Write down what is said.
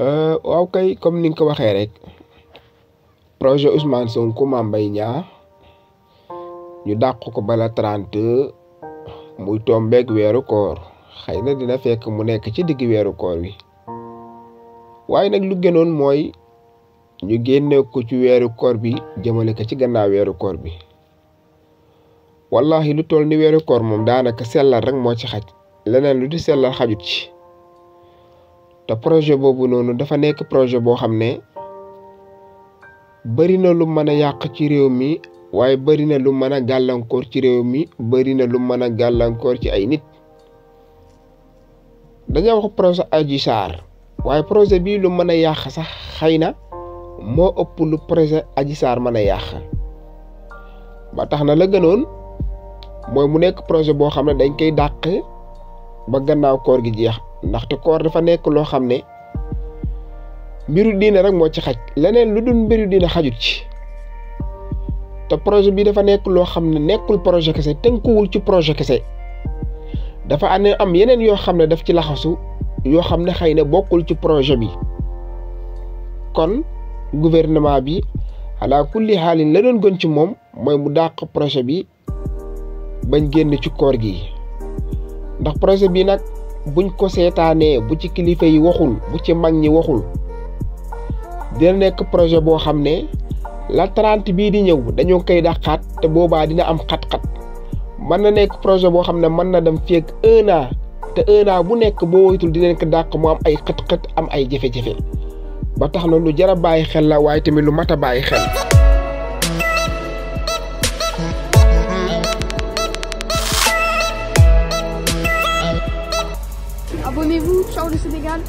Euh, waaw kay comme ni nga ko waxee rek projet Ousmane Sonko Mame Mbaye Niang ñu dàq ko bala trente mu tombeeg weeru koor xëy na dina fekk mu nekk ci digg weeru koor wi waaye nag lu gënoon mooy ñu génne ko ci weeru koor bi jëmale ko ci gannaaw weeru koor bi wallahi lu tool ni weeru koor moom daanaka sellal rek moo ci xaj leneen lu di sellal xajut ci te projet boobu noonu dafa nekk projet boo xam ne bëri na lu mën a yàq ci réew mi waaye bëri na lu mën a gàllankoor ci réew mi bëri na lu mën a gàllankoor ci ay nit dañoo wax projet Adji Sarr waaye projet bii lu mën a yàq sax xëy na moo ëpp lu projet aji Sarr man a yàq ba tax na la gënoon mooy mu nekk projet boo xam ne dañ koy dàq ba gannaaw koor gi jeex ndaxte koor dafa nekk loo xam ne mbiru diine rek moo ci xaj leneen lu dul mbiru diine xajut ci te projet bi dafa nekk loo xam ne nekkul projet kese tënkuwul ci projet kese dafa ane am yeneen yoo xam ne daf ci laxasu yoo xam ne xëy na bokkul ci projet bi kon gouvernement bi ala kulli xaalin la doon gën ci moom mooy mu dàq projet bi bañ génn ci koor gi. ndax projet bii nag buñ ko seetaanee bu ci kilifa yi waxul bu ci mag ñi waxul dina nekk projet boo xam ne la 30 bii di ñëw dañoo koy dàqaat te boobaa dina am xat-xat mën na nekk projet boo xam ne mën na dem feeg un an te un bu nekk boo woytul dinañ ko dàq mu am ay xët-xët am ay jafe-jafe ba tax la lu jar a bàyyi xel la waaye tamit lu mat a bàyyi xel. Abonnez-vous, ciao le Sénégal